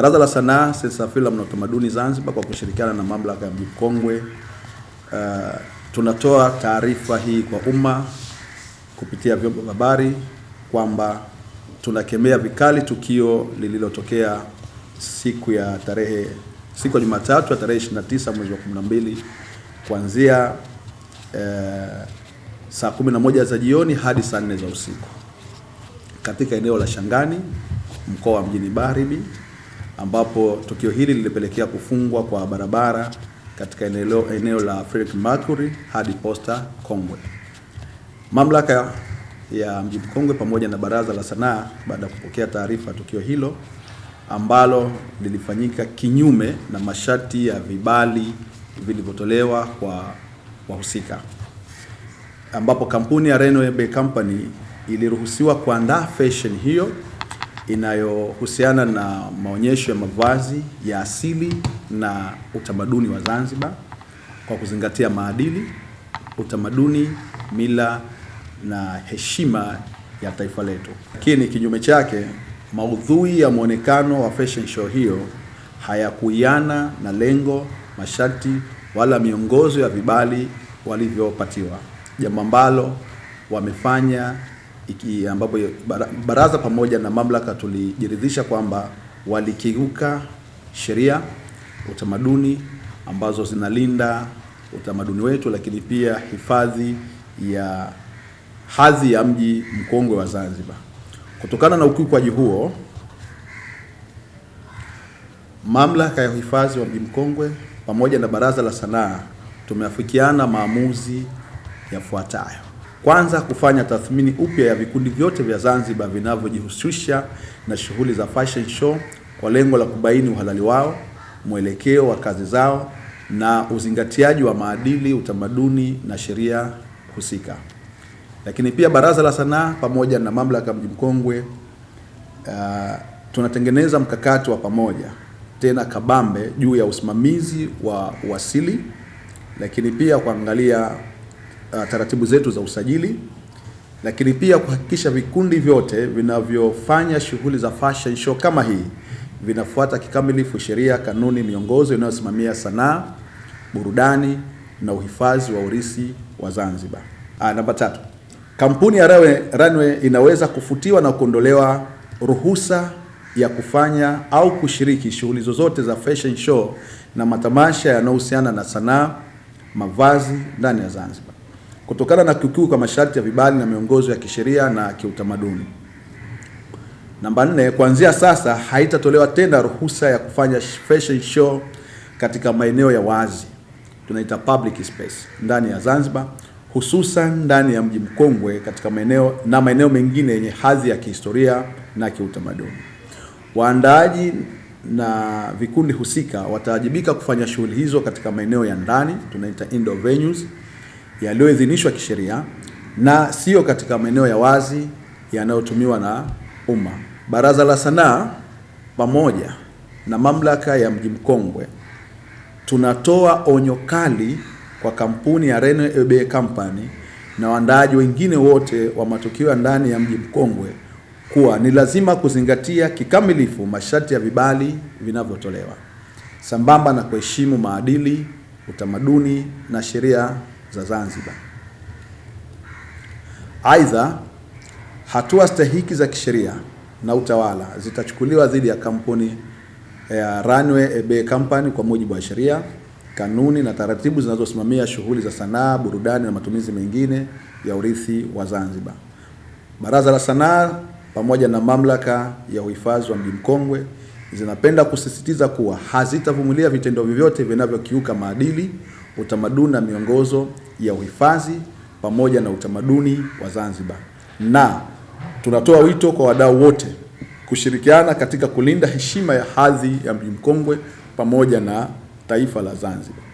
Baraza la Sanaa, Sensa, Filamu na Utamaduni Zanzibar kwa kushirikiana na Mamlaka ya Mji Mkongwe uh, tunatoa taarifa hii kwa umma kupitia vyombo vya habari kwamba tunakemea vikali tukio lililotokea siku ya tarehe siku ya Jumatatu ya tarehe 29 mwezi wa 12 kuanzia eh, saa 11 za jioni hadi saa 4 za usiku katika eneo la Shangani mkoa wa Mjini Magharibi ambapo tukio hili lilipelekea kufungwa kwa barabara katika eneo, eneo la Frederick Mercury hadi Posta Kongwe. Mamlaka ya Mji Mkongwe pamoja na Baraza la Sanaa baada ya kupokea taarifa tukio hilo ambalo lilifanyika kinyume na masharti ya vibali vilivyotolewa kwa wahusika, ambapo kampuni ya Renewable Company iliruhusiwa kuandaa fashion hiyo inayohusiana na maonyesho ya mavazi ya asili na utamaduni wa Zanzibar kwa kuzingatia maadili, utamaduni, mila na heshima ya taifa letu. Lakini kinyume chake, maudhui ya mwonekano wa fashion show hiyo hayakuiana na lengo, masharti wala miongozo ya vibali walivyopatiwa, jambo ambalo wamefanya iki ambapo baraza pamoja na mamlaka tulijiridhisha kwamba walikiuka sheria, utamaduni ambazo zinalinda utamaduni wetu, lakini pia hifadhi ya hadhi ya mji mkongwe wa Zanzibar. Kutokana na ukiukwaji huo, mamlaka ya uhifadhi wa mji mkongwe pamoja na baraza la sanaa tumeafikiana maamuzi yafuatayo. Kwanza, kufanya tathmini upya ya vikundi vyote vya Zanzibar vinavyojihusisha na shughuli za fashion show kwa lengo la kubaini uhalali wao, mwelekeo wa kazi zao na uzingatiaji wa maadili, utamaduni na sheria husika. Lakini pia Baraza la Sanaa pamoja na Mamlaka ya Mji Mkongwe uh, tunatengeneza mkakati wa pamoja tena kabambe juu ya usimamizi wa uasili, lakini pia kuangalia uh, taratibu zetu za usajili, lakini pia kuhakikisha vikundi vyote vinavyofanya shughuli za fashion show kama hii vinafuata kikamilifu sheria, kanuni, miongozo inayosimamia sanaa, burudani na uhifadhi wa urisi wa Zanzibar. Ah, namba tatu, kampuni ya Runway inaweza kufutiwa na kuondolewa ruhusa ya kufanya au kushiriki shughuli zozote za fashion show na matamasha yanayohusiana na sanaa, mavazi ndani ya Zanzibar kutokana na kukiuka kwa masharti ya vibali na miongozo ya kisheria na kiutamaduni. Namba nne, kuanzia sasa haitatolewa tena ruhusa ya kufanya fashion show katika maeneo ya wazi tunaita public space ndani ya Zanzibar, hususan ndani ya mji mkongwe katika maeneo na maeneo mengine yenye hadhi ya kihistoria na kiutamaduni. Waandaaji na vikundi husika watawajibika kufanya shughuli hizo katika maeneo ya ndani tunaita indoor venues yaliyoidhinishwa kisheria na siyo katika maeneo ya wazi yanayotumiwa na umma. Baraza la Sanaa pamoja na mamlaka ya Mji Mkongwe tunatoa onyo kali kwa kampuni ya Rene Ebe Company na waandaaji wengine wote wa matukio ya ndani ya Mji Mkongwe kuwa ni lazima kuzingatia kikamilifu masharti ya vibali vinavyotolewa sambamba na kuheshimu maadili, utamaduni na sheria za Zanzibar. Aidha, hatua stahiki za kisheria na utawala zitachukuliwa dhidi ya kampuni ya Runway Abe Company kwa mujibu wa sheria, kanuni na taratibu zinazosimamia shughuli za sanaa, burudani na matumizi mengine ya urithi wa Zanzibar. Baraza la Sanaa pamoja na Mamlaka ya Uhifadhi wa Mji Mkongwe zinapenda kusisitiza kuwa hazitavumilia vitendo vyovyote vinavyokiuka maadili utamaduni na miongozo ya uhifadhi pamoja na utamaduni wa Zanzibar, na tunatoa wito kwa wadau wote kushirikiana katika kulinda heshima ya hadhi ya Mji Mkongwe pamoja na taifa la Zanzibar.